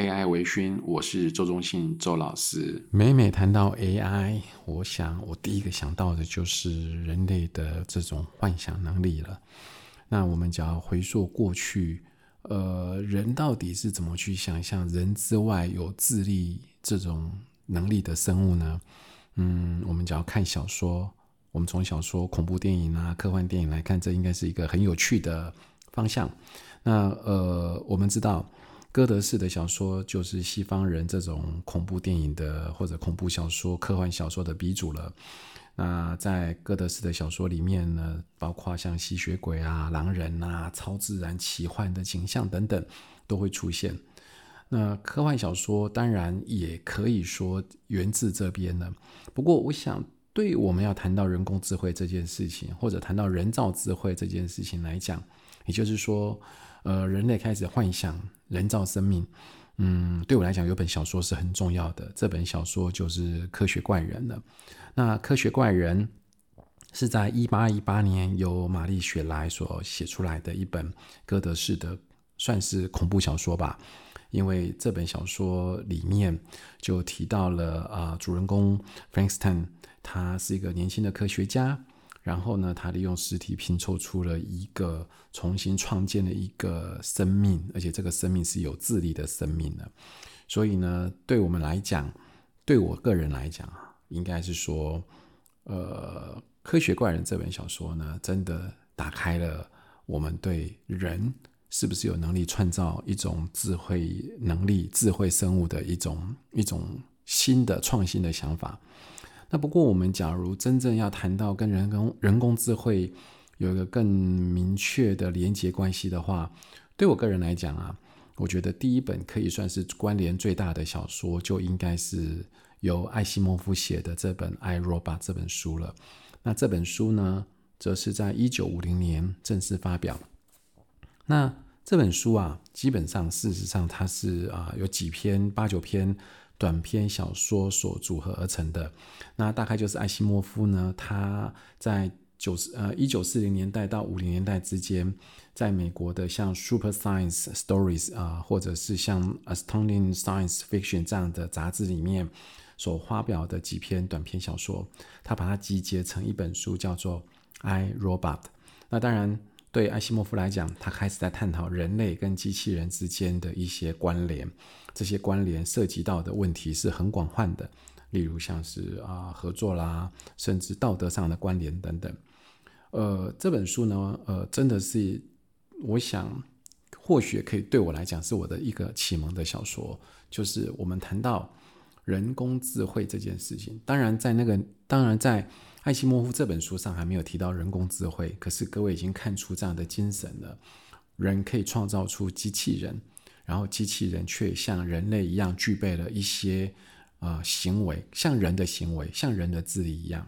AI 微醺，我是周中信周老師。每每談到 AI，我想我第一個想到的就是人類的這種幻想能力了。那我們只要回溯過去，呃，人到底是怎麼去想象人之外有智力這種能力的生物呢？嗯，我們只要看小說，我們從小說、恐怖電影啊、科幻電影來看，這應該是一個很有趣的方向。那呃，我們知道。哥德式的小說就是西方人這種恐怖電影的或者恐怖小說、科幻小說的鼻祖了。那在哥德式的小說裡面呢，包括像吸血鬼啊、狼人啊、超自然奇幻的景象等等都會出現。那科幻小說當然也可以說源自這邊了。不過，我想對我們要談到人工智慧這件事情，或者談到人造智慧這件事情來講，也就是說。呃，人類開始幻想人造生命。嗯，對我來講，有本小說是很重要的。這本小說就是《科學怪人》了。那《科學怪人》是在一八一八年由瑪麗雪萊所寫出來的一本歌德式的，算是恐怖小說吧。因為這本小說裡面就提到了啊、呃，主人公 Frankenstein，他是一個年輕的科學家。然後呢，他利用屍體拼湊出了一個重新創建的一個生命，而且這個生命是有智力的生命的。所以呢，對我們來講，對我個人來講，應該是說，呃，《科學怪人》這本小說呢，真的打開了我們對人是不是有能力創造一種智慧能力、智慧生物的一種一種新的創新的想法。那不過，我們假如真正要談到跟人工、人工智慧有一個更明確的連接關係的話，對我個人來講啊，我覺得第一本可以算是關聯最大的小說，就應該是由艾西莫夫寫的這本《I, Robot》這本書了。那這本書呢，則是在一九五零年正式發表。那這本書啊，基本上事實上它是啊，有幾篇、八九篇。短篇小說所組合而成的，那大概就是艾西莫夫呢。他在九十，呃，一九四零年代到五零年代之間，在美國的像《Super Science Stories》呃，啊，或者是像《Astounding Science Fiction》這樣的雜誌裡面所發表的幾篇短篇小說，他把它集結成一本書，叫做《I, Robot》。那當然。對艾西莫夫來講，他開始在探討人類跟機器人之間的一些關聯，這些關聯涉及到的問題是很廣泛的，例如像是啊、呃、合作啦，甚至道德上的關聯等等。呃，這本書呢，呃，真的是我想或許可以對我來講是我的一個啟蒙的小說，就是我們談到人工智慧這件事情，當然在那個，當然在。艾西莫夫這本書上還沒有提到人工智慧，可是各位已經看出這樣的精神了：人可以創造出機器人，然後機器人卻像人類一樣具備了一些、呃、行為，像人的行為，像人的智力一樣。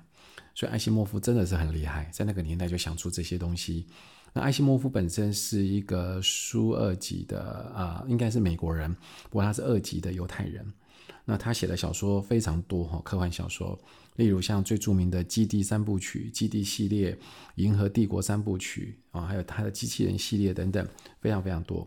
所以艾西莫夫真的是很厲害，在那個年代就想出這些東西。那艾西莫夫本身是一個蘇俄籍的啊、呃，應該是美國人，不過他是俄籍的猶太人。那他寫的小說非常多哈、哦，科幻小說，例如像最著名的《基地》三部曲，《基地》系列，《銀河帝國》三部曲啊、哦，還有他的機器人系列等等，非常非常多。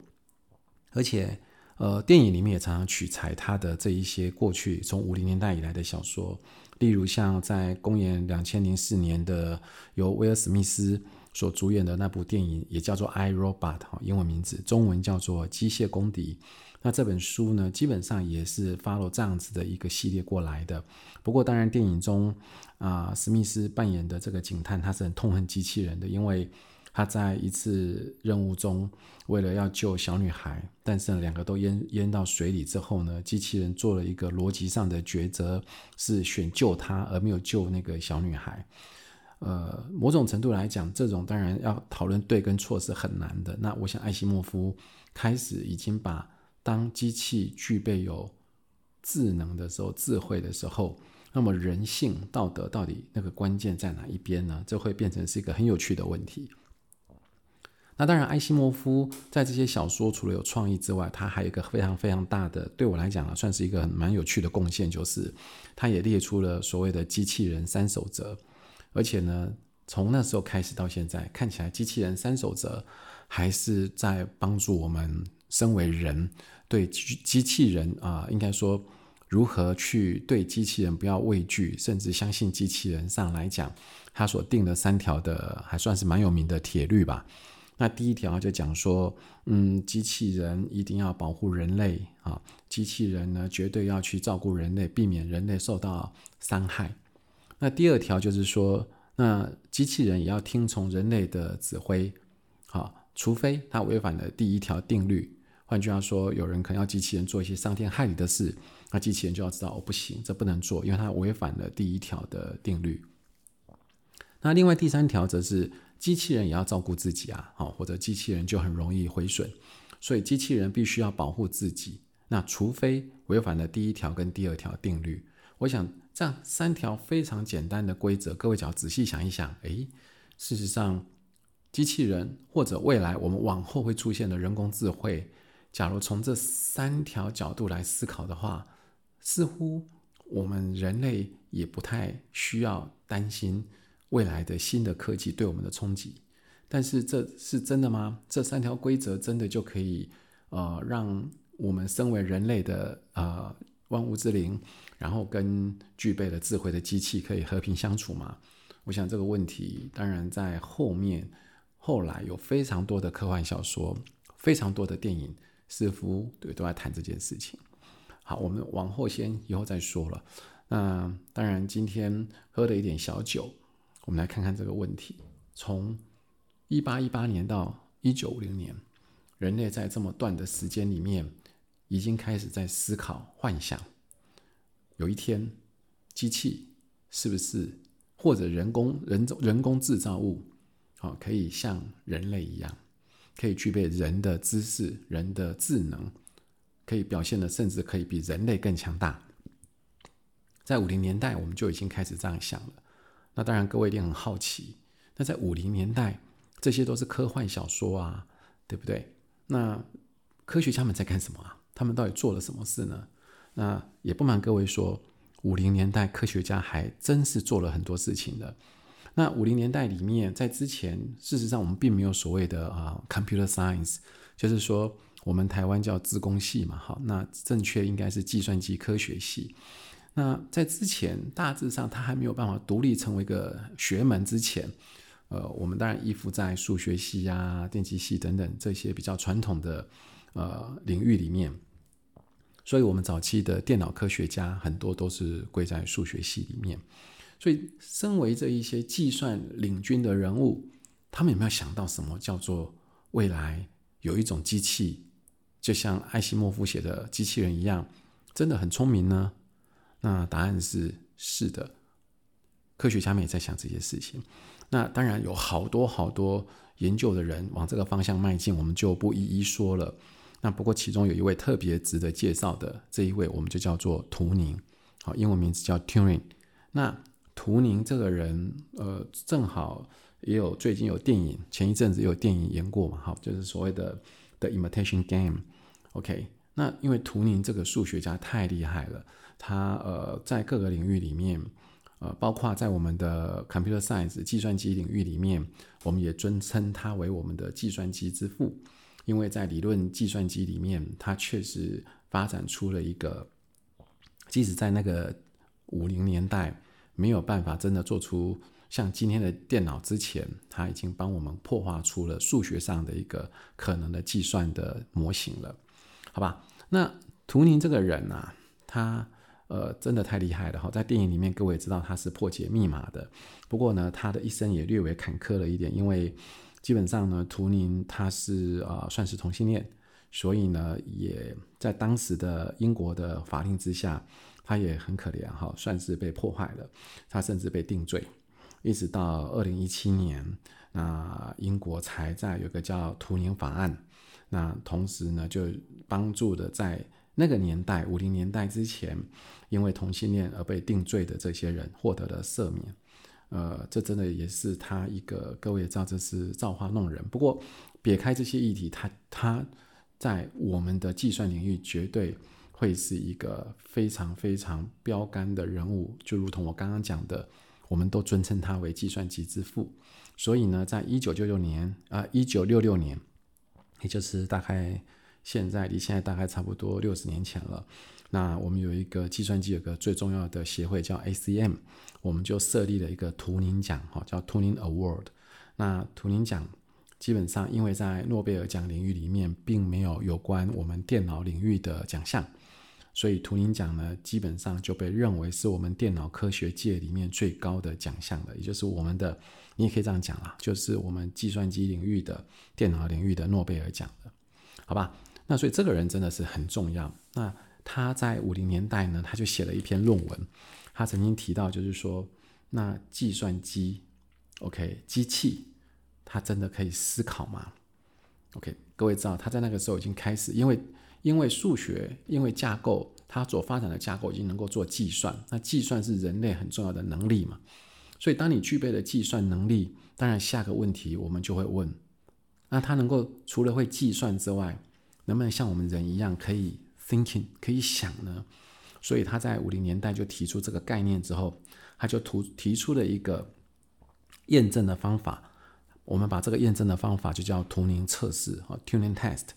而且，呃，電影裡面也常常取材他的這一些過去從五零年代以來的小說，例如像在公元兩千零四年的由威爾·史密斯所主演的那部電影，也叫做《I Robot》哈、哦，英文名字，中文叫做《機械公敵》。那這本書呢，基本上也是 follow 這樣子的一個系列過來的。不過，當然電影中啊，呃，史密斯扮演的這個警探他是很痛恨機器人的，因為他在一次任務中，為了要救小女孩，但是呢，兩個都淹淹到水裡之後呢，機器人做了一個邏輯上的抉擇，是選救他而沒有救那個小女孩。呃，某種程度來講，這種當然要討論對跟錯是很難的。那我想艾西莫夫開始已經把。當機器具備有智能的時候，智慧的時候，那麼人性、道德到底那個關鍵在哪一邊呢？這會變成是一個很有趣的問題。那當然，艾西莫夫在這些小說除了有創意之外，他還有一個非常非常大的，對我來講呢、啊，算是一個蠻有趣的貢獻，就是他也列出了所謂的機器人三守則。而且呢，從那時候開始到現在，看起來機器人三守則還是在幫助我們身為人。對機機器人啊、呃，應該說如何去對機器人不要畏懼，甚至相信機器人上來講，他所定的三條的還算是蠻有名的鐵律吧。那第一條就講說，嗯，機器人一定要保護人類啊，機器人呢絕對要去照顧人類，避免人類受到傷害。那第二條就是說，那機器人也要聽從人類的指揮，啊，除非它違反了第一條定律。換句話說，有人可能要機器人做一些傷天害理的事，那機器人就要知道哦，不行，這不能做，因為它違反了第一條的定律。那另外第三條則是，機器人也要照顧自己啊，好，或者機器人就很容易毀損，所以機器人必須要保護自己。那除非違反了第一條跟第二條定律，我想這樣三條非常簡單的規則，各位只要仔細想一想，哎，事實上，機器人或者未來我們往後會出現的人工智慧。假如從這三條角度來思考的話，似乎我們人類也不太需要擔心未來的新的科技對我們的衝擊。但是這是真的嗎？這三條規則真的就可以呃，讓我們身為人類的呃，萬物之靈，然後跟具備了智慧的機器可以和平相處嗎？我想這個問題當然在後面，後來有非常多的科幻小說，非常多的電影。似乎對都在談這件事情。好，我們往後先以後再說了。那當然，今天喝了一點小酒，我們來看看這個問題。從一八一八年到一九五零年，人類在這麼短的時間裡面，已經開始在思考、幻想，有一天機器是不是或者人工人人工製造物，啊、哦，可以像人類一樣。可以具備人的知識、人的智能，可以表現得甚至可以比人類更強大。在五零年代，我們就已經開始這樣想了。那當然，各位一定很好奇。那在五零年代，這些都是科幻小說啊，對不對？那科學家們在幹什麼啊？他們到底做了什麼事呢？那也不瞞各位說，五零年代科學家還真是做了很多事情的。那五零年代裡面，在之前，事實上我們並沒有所謂的啊，computer science，就是說我們台灣叫資工系嘛，好，那正確應該是計算機科學系。那在之前，大致上它還沒有辦法獨立成為一個學門之前，呃，我們當然依附在數學系啊、電機系等等這些比較傳統的呃領域裡面，所以我們早期的電腦科學家很多都是歸在數學系裡面。所以，身為這一些計算領軍的人物，他們有沒有想到什麼叫做未來有一種機器，就像艾西莫夫寫的機器人一樣，真的很聰明呢？那答案是是的，科學家們也在想這些事情。那當然有好多好多研究的人往這個方向邁進，我們就不一一說了。那不過其中有一位特別值得介紹的這一位，我們就叫做圖靈。好，英文名字叫 Turing。那圖靈這個人，呃，正好也有最近有電影，前一陣子也有電影演過嘛，哈，就是所謂的《The Imitation Game》。OK，那因為圖靈這個數學家太厲害了，他呃，在各個領域裡面，呃，包括在我們的 Computer Science 計算機領域裡面，我們也尊稱他為我們的計算機之父，因為在理論計算機裡面，他確實發展出了一個，即使在那個五零年代。沒有辦法真的做出像今天的電腦之前，他已經幫我們擘劃出了數學上的一個可能的計算的模型了，好吧？那圖靈這個人啊，他呃真的太厲害了，在電影裡面，各位知道他是破解密碼的，不過呢，他的一生也略微坎坷了一點，因為基本上呢，圖靈他是呃算是同性戀，所以呢，也在當時的英國的法令之下。他也很可憐哈，算是被破壞了，他甚至被定罪，一直到二零一七年，那英國才在有個叫《圖靈法案》，那同時呢就幫助的在那個年代五零年代之前，因為同性戀而被定罪的這些人獲得了赦免，呃，這真的也是他一個各位也知道這是造化弄人。不過撇開這些議題，他他在我們的計算領域絕對會是一個非常非常標杆的人物，就如同我剛剛講的，我們都尊稱他為計算機之父。所以呢，在一九九九年啊，一九六六年，也就是大概現在離現在大概差不多六十年前了。那我們有一個計算機，有個最重要的協會叫 ACM，我們就設立了一個圖靈獎，哈，叫圖靈 Award。那圖靈獎基本上因為在諾貝爾獎領域裡面並沒有有關我們電腦領域的獎項。所以圖靈獎呢，基本上就被認為是我們電腦科學界裡面最高的獎項了，也就是我們的，你也可以這樣講啊，就是我們計算機領域的、電腦領域的諾貝爾獎了，好吧？那所以這個人真的是很重要。那他在五零年代呢，他就寫了一篇論文，他曾經提到，就是說，那計算機，OK，機器，他真的可以思考嗎？OK，各位知道，他在那個時候已經開始，因為。因為數學，因為架構，它所發展的架構已經能夠做計算。那計算是人類很重要的能力嘛？所以，當你具備了計算能力，當然下個問題我們就會問：那它能夠除了會計算之外，能不能像我們人一樣可以 thinking 可以想呢？所以，他在五零年代就提出這個概念之後，他就圖提出了一個驗證的方法。我們把這個驗證的方法就叫圖靈測試啊 Turing Test。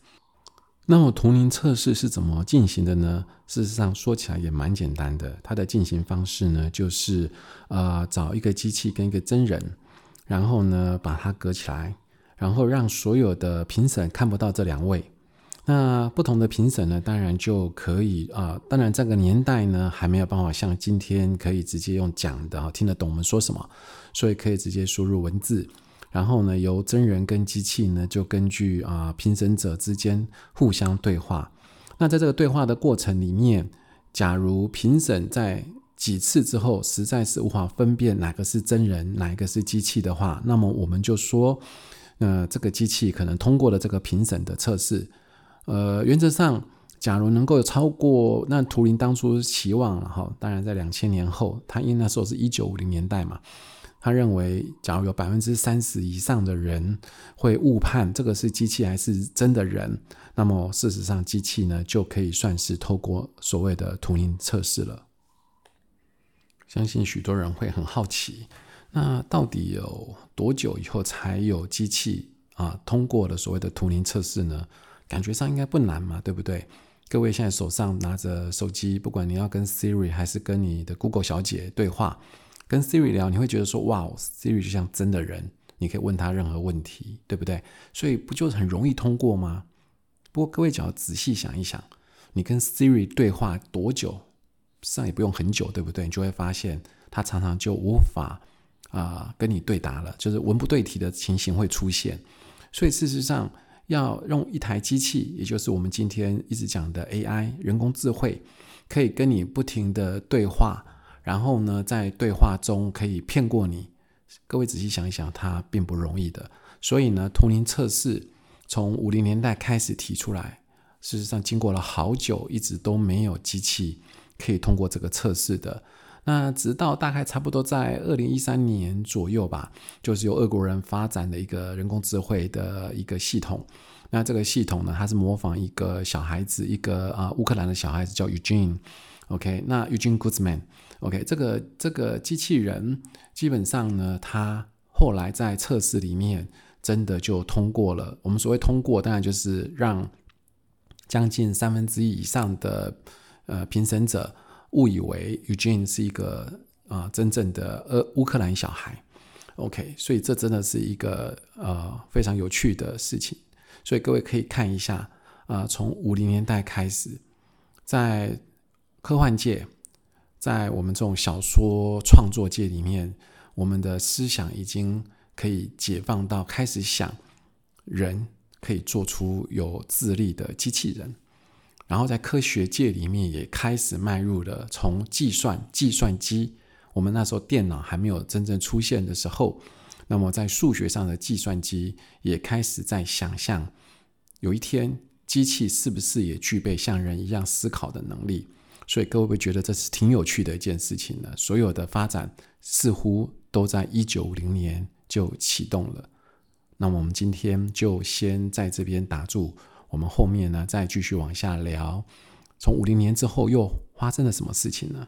那麼圖靈測試是怎麼進行的呢？事實上說起來也蠻簡單的，它的進行方式呢，就是啊、呃、找一個機器跟一個真人，然後呢把它隔起來，然後讓所有的評審看不到這兩位。那不同的評審呢，當然就可以啊、呃，當然這個年代呢還沒有辦法像今天可以直接用講的，聽得懂我們說什麼，所以可以直接輸入文字。然後呢，由真人跟機器呢，就根據啊、呃、評審者之間互相對話。那在這個對話的過程裡面，假如評審在幾次之後實在是無法分辨哪個是真人，哪一個是機器的話，那麼我們就說，呃，這個機器可能通過了這個評審的測試。呃，原則上，假如能夠超過那圖靈當初期望了，當然在兩千年後，他因為那時候是一九五零年代嘛。他認為，假如有百分之三十以上的人會誤判這個是機器還是真的人，那麼事實上機器呢就可以算是透過所謂的圖靈測試了。相信許多人會很好奇，那到底有多久以後才有機器啊通過了所謂的圖靈測試呢？感覺上應該不難嘛，對不對？各位現在手上拿着手機，不管你要跟 Siri 還是跟你的 Google 小姐對話。跟 Siri 聊，你會覺得說哇，Siri 就像真的人，你可以問他任何問題，對不對？所以不就很容易通過嗎？不過各位只要仔細想一想，你跟 Siri 對話多久，實際上也不用很久，對不對？你就會發現他常常就無法啊、呃、跟你對答了，就是文不對題的情形會出現。所以事實上，要用一台機器，也就是我們今天一直講的 AI 人工智慧，可以跟你不停的對話。然後呢，在對話中可以騙過你，各位仔細想一想，它並不容易的。所以呢，圖靈測試從五零年代開始提出來，事實上經過了好久，一直都沒有機器可以通過這個測試的。那直到大概差不多在二零一三年左右吧，就是由俄國人發展的一個人工智慧的一個系統。那這個系統呢，它是模仿一個小孩子，一個啊，呃，烏克蘭的小孩子叫 Eugene，OK，okay，那 Eugene Goodman OK，這個這個機器人基本上呢，它後來在測試裡面真的就通過了。我們所謂通過，當然就是讓將近三分之一以上的呃評審者誤以為 Eugene 是一個啊、呃、真正的呃烏克蘭小孩。OK，所以這真的是一個呃非常有趣的事情。所以各位可以看一下啊，從五零年代開始在科幻界，在我們這種小說創作界裡面，我們的思想已經可以解放到開始想人可以做出有智力的機器人，然後在科學界裡面也開始邁入了從計算計算機。我們那時候電腦還沒有真正出現的時候，那麼在數學上的計算機也開始在想象，有一天機器是不是也具備像人一樣思考的能力？所以各位會覺得這是挺有趣的一件事情呢。所有的發展似乎都在一九五零年就啟動了。那我們今天就先在這邊打住，我們後面呢再繼續往下聊，從五零年之後又發生了什麼事情呢？